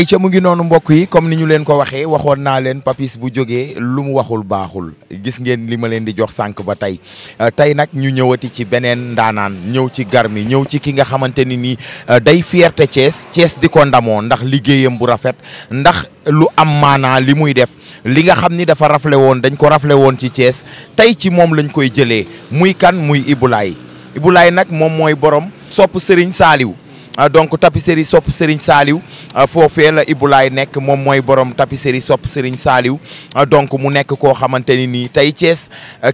ay ca mu ngi noonu mbokk yi comme ni ñu leen ko waxee waxoon naa leen papis bu jógee lu mu waxul baaxul gis ngeen li ma leen di jox sànq ba tey euh, tey nag ñu ñëwati ci beneen ndaanaan ñëw ci garmi ñëw ci ki nga xamante ni nii euh, day fierté Thiès cees di ko ndamoo ndax liggéeyam bu rafet ndax lu am maanaa li muy def li nga xam ni dafa rafle woon dañ ko rafle woon ci Thiès tey ci moom lañ koy jëlee muy kan muy Ibou Laye Ibou nag moom mooy borom sopp Serigne Saliou Ah, donc tapisserie sopp Serigne Saliou ah, foofee la Ibulaay nekk moom mooy borom tapisserie sopp Serigne saaliw ah, donc mu nekk koo xamante ni nii tey cees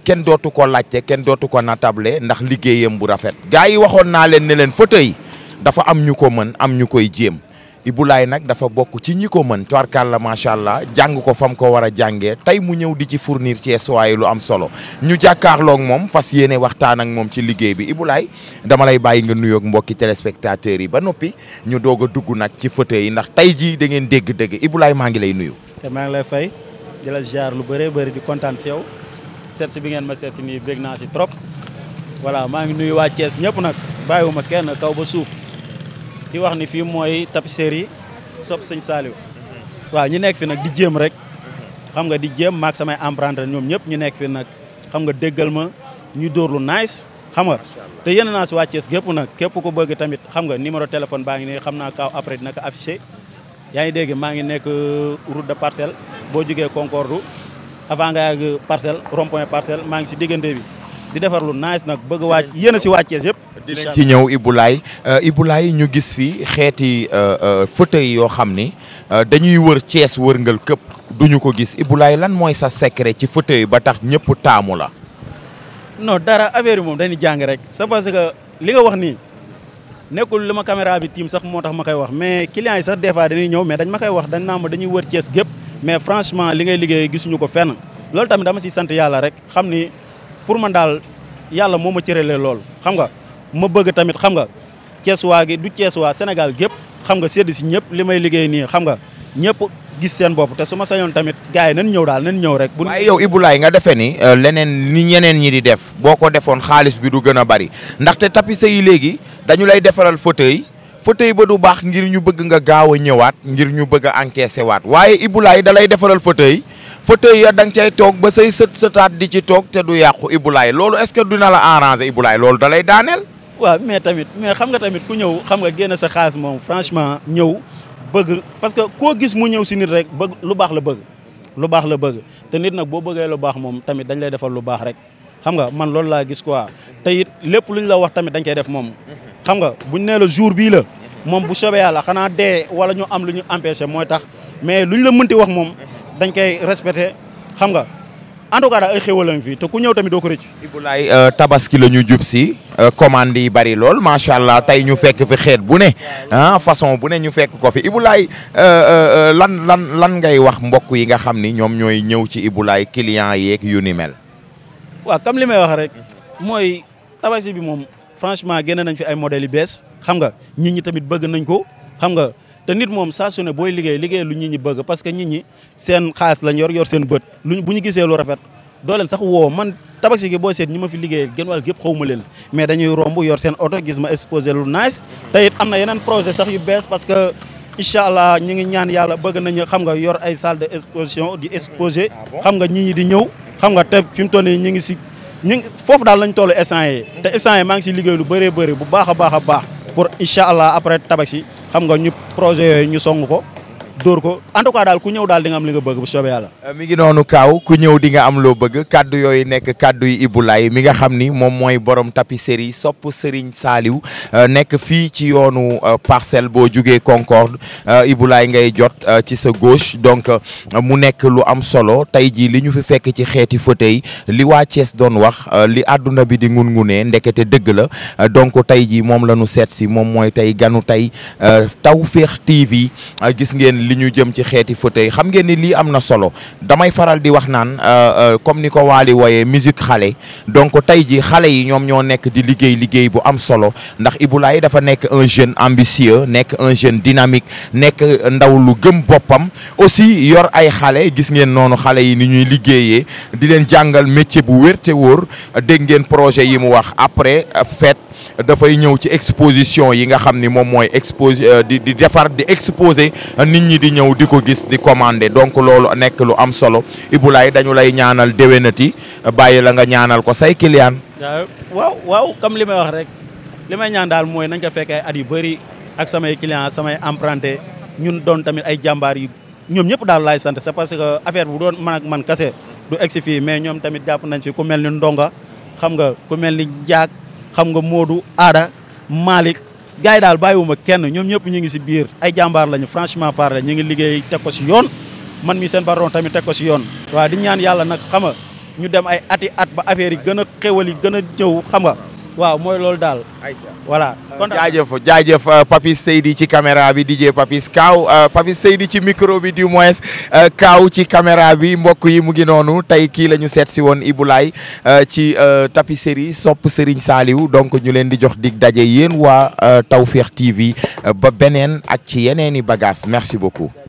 kenn dootu ko laajte kenn dootu ko natable ndax liggéeyam bu rafet. gars yi waxoon naa leen ne leen fauteuil dafa am ñu ko mën am ñu koy jéem. Ibulaay nag dafa bokk ci ñi ko mën tubarkàlla macha allah jàng ko fam ko war a jàngee tey mu ñëw di ci fournir ci Sowaay lu am solo ñu jàkkaarloog moom fas yéene waxtaan ak moom ci liggéey bi Ibulaay dama lay bàyyi nga nuyoog mbokki téléspectateurs yi ba noppi ñu doog dugg nag ci fauteuil yi ndax tey jii da ngeen dégg-dégg Ibulaay maa ngi lay nuyu. te maa ngi lay fay di la ziar lu bëree bëri di kontaan si yow seet si bi ngeen ma seet si nii bég naa si trop voilà maa ngi nuyu waa Thiès ñëpp nag bàyyiwuma kenn kaw ba suuf. di wax ni fii mooy yi Sopp Sëñ Saliou waaw ñu nekk fi nag di jéem rek xam nga di jéem maak samay emprendre ñoom ñëpp ñu nekk fi nag xam nga déggal ma ñu dóor lu nice xam nga te yéen naa si waa gépp nag képp ku bëgg tamit xam nga numéro téléphone baa ngi nii xam naa kaaw après dina ko affiché yaa ngi dégg maa ngi nekk euh, route de parcelle boo jugee Concorde avant nga yàgg parcelle rond point parcelle maa ngi si diggante bi di defar lu nice nag bëgg wàcc yéen a si wàccees yëpp. dinañ ci ñëw Ibulaay Ibulaay euh, ñu gis fi xeeti euh, euh, fauteuil yoo xam ni dañuy wër Cees wërngal këpp duñu ko gis Ibulaay lan mooy sa secret ci fauteuil ba tax ñëpp taamu la. non dara affaire yi moom dañuy jàng rek sa parce que li nga wax ni nekkul li ma caméra bi tiim sax moo tax ma koy wax mais clients yi sax des fois dañuy ñëw mais dañ ma koy wax dañ naa ma dañuy wër Cees gépp mais franchement li ngay liggéey gisuñu ko fen loolu tamit dama siy sant yàlla rek pour man daal yàlla moo ma cëralee lool xam nga ma bëgg tamit xam nga Cees waa du Cees waa Sénégal gépp xam nga sedd si ñëpp li may liggéey nii xam nga ñëpp gis seen bopp te su ma sañoon tamit gars yi nañ ñëw daal nañ ñëw rek. bu waaye yow Ibou Laye nga defee ni euh, leneen ni ñeneen ñi di def boo ko defoon xaalis bi du gën a bari ndaxte tapise yi léegi dañu lay defaral fauteuil fauteuil ba du baax ngir ñu bëgg nga gaaw a ñëwaat ngir ñu bëgg a waat waaye Ibou Laye da lay defaral fauteuil fauteuil ya da nga cay toog ba say sët sëtaat di ci toog te du yàqu Ibulaay loolu est-ce que dina la arranger Ibulaay loolu da lay daaneel. waaw mais tamit mais xam nga tamit ku ñëw xam nga génn sa xaalis moom franchement ñëw bëgg parce que koo gis mu ñëw si nit rek bëgg lu baax la bëgg. lu baax la bëgg te nit nag boo bëggee lu baax moom tamit dañ lay defal lu baax rek xam nga man loolu laa gis quoi te it lépp lu ñu la wax tamit dañ koy def moom. xam nga buñ bii la moom bu soobee yàlla xanaa dee wala ñu am lu ñu empêché mooy tax mais luñ la mënti wax moom. dañ koy respecté xam nga en tout cas daal ay xéwal lañ te ku ñëw tamit doo ko rëcc. Ibulaay euh, tabaski la ñu jub si euh, commande yi bari lool macha allah tey ñu fekk fi xeet bu ne ah façon bu ne ñu fekk ko fi Ibulaay euh, lan lan lan ngay wax mbokk yi nga xam ni ñoom ñooy ñëw ci Ibulaay client yeeg yu ni mel. waaw comme li may wax rek mooy tabaski bi moom franchement génne nañ fi ay modèles yu bees xam nga nit ñi tamit bëgg nañ ko xam nga. te nit moom saa su booy liggéey liggéey lu nit ñi bëgg parce que nit ñi seen xaalis lañ yor yor seen bët lu bu ñu gisee lu rafet doo sax woo man tabaski gi boo seet ñi ma fi liggéeyal gën wàll gépp xaw ma leen mais dañuy romb yor seen oto gis ma exposé lu nice te am na yeneen projet sax yu bees parce que incha allah ñu ngi ñaan yàlla bëgg nañu xam nga yor ay salle de exposition di exposé ah xam nga ñi ñi di ñëw xam nga te fi mu toll nii ñu ngi si ñu foofu daal lañu toll instant yi maa ngi si liggéey lu bëree bëri bu baax a baax a baax pour incha allah après tabaski xam nga ñu projet yooyu ñu song ko door ko en daal ku ñëw daal di nga am li nga bëgg bu soobee yàlla euh, mi ngi noonu kaaw ku ñëw di nga am loo bëgg kàddu yooyu nekk kaddu yi Ibou mi nga xam ni moom mooy borom tapisserie sopp Serigne Saliou euh, nekk fii ci yoonu euh, parcelle boo jógee Concorde Ibou Laye ngay jot ci sa gauche donc mu nekk lu am solo tey jii li ñu fi fekk ci xeeti fauteuil li waa Thiès doon wax li àdduna bi di ngun-ngunee ndekete dëgg la donc tey jii moom la ñu seet si moom mooy tey ganu tey Tawfekh li ñu jëm ci xeeti fauteuil xam ngeen ni lii am na solo damay faral di wax naan euh, euh, comme ni ko Waly wooyee musique xale donc tey ji xale yi ñoom ñoo nekk di liggéey liggéey bu am solo ndax Iboulaye dafa nekk un jeune ambitieux nekk un jeune dynamique nekk ndaw lu gëm boppam aussi yor ay xale gis ngeen noonu xale yi ni ñuy liggéeyee di leen jàngal métier bu wér te wóor dégg ngeen projet yi mu wax après euh, fête dafay ñëw ci exposition yi nga xam ni moom mooy expos euh, di di defar di exposé euh, nit ñi di ñëw di ko gis di commandé donc loolu nekk lu am solo Ibou Laye dañu lay ñaanal déwénati bàyyi la nga ñaanal ko say client waaw waaw comme li may wax rek li may ñaan daal mooy nañ ko fekkee ay at yu bëri ak samay client samay emprunté ñun doon tamit ay jàmbaar yi ñoom ñëpp daal laay sant c'est parce que affaire bu doon man ak man kase du egsi fii mais ñoom tamit jàpp nañ fi ku mel ni ndonga xam nga xam nga Modou Aada Malick gaa yi daal bàyyiwuma kenn ñoom ñëpp ñu ngi si biir ay jàmbaar lañu franchement parler ñu ngi liggéey teg ko si yoon man mi seen baron tamit teg ko si yoon. waaw di ñaan yàlla nag xam nga ñu dem ay ati at ba affaire yi gën a xéwal yi gën a ñëw xam nga. waaw mooy loolu daal. voilà. jaajëf jaajëf euh, Papis Seydi ci caméra bi DJ Papis Kaaw euh, Papis Seydi ci micro bi du moins euh, Kaaw ci caméra bi mbokk yi mu ngi noonu tey kii la ñu seet si woon Ibou Laye ci tapiseri sopp Serigne Saliou donc ñu leen di jox dig daje yéen waa Tawfekh TV ba beneen ak ci yeneen i bagages merci beaucoup.